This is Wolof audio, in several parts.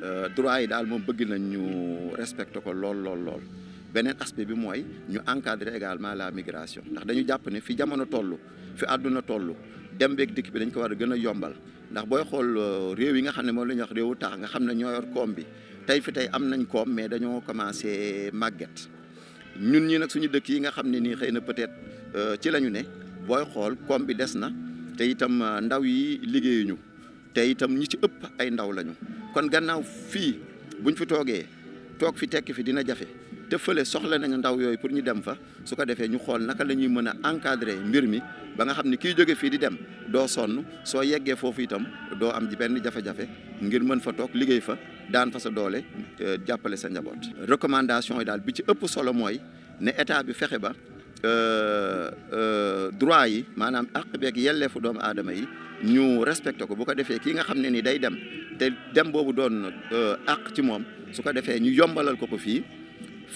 Euh, droit yi daal moom bëgg nañ ñu respecté ko lool lool lool beneen aspect bi mooy ñu encadrer également la migration ndax dañu jàpp ne fi jamono toll fi àdduna toll dem beeg dikk bi dañ ko war a gën a yombal ndax booy xool euh, réew yi nga xam ne moom la ñuy wax réewu taax nga xam ne ñoo yor koom bi tey fi tey am nañ koom mais dañoo commencé màgget ñun ñi nag suñu dëkk yi nga xam ne nii xëy na peut-être euh, ci la ñu ne booy xool koom bi des na te itam euh, ndaw yi liggéeyuñu te itam ñi ci ëpp ay ndaw lañu kon gannaaw fii buñ fi toogee toog fi tekki fi dina jafe te fële soxla nañu ndaw yooyu pour ñu dem fa su ko defee ñu xool naka la ñuy mën a encadrer mbir mi ba nga xam ne kiy jóge fii di dem doo sonn soo yeggee foofu itam doo am ji benn jafe-jafe ngir mën fa toog liggéey fa daan fa sa doole euh, jàppale sa njaboot. recommandation yi daal bi ci ëpp solo mooy ne état bi fexe ba. Euh, euh, droit yi maanaam àq beeg yelleefu doomu aadama yi ñu respecté ko bu ko defee kii nga xam ne ni day dem te dem boobu doon euh, àq ci moom su ko defee ñu yombalal ko ko fii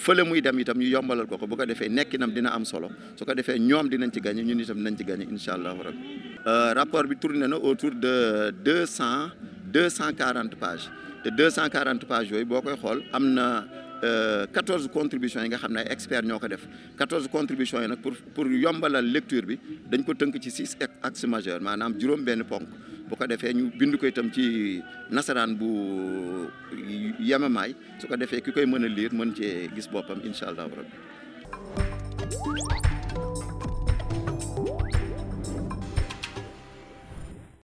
fële muy dem itam ñu yombalal ko ko bu ko defee nekkinam dina am solo su ko defee ñoom dinañ ci gagné ñun itam dinañ ci gagné incha allahu rabbi rapport bi tourné na autour de deux cent deux cent quarante pages te deux cent quarante pages yooyu boo koy xool am na Euh, quatorze contributions yi nga xam ne ay experts ñoo ko def quatorze contributions yi nag pour pour yombalal lecture bi dañ ko tënk ci six axes majeurs maanaam juróom-benn ponk boo ko defee ñu bind ko itam ci nasaraan bu yemamaay su ko defee ki koy mën a lire mën cee gis boppam incha allah rabbi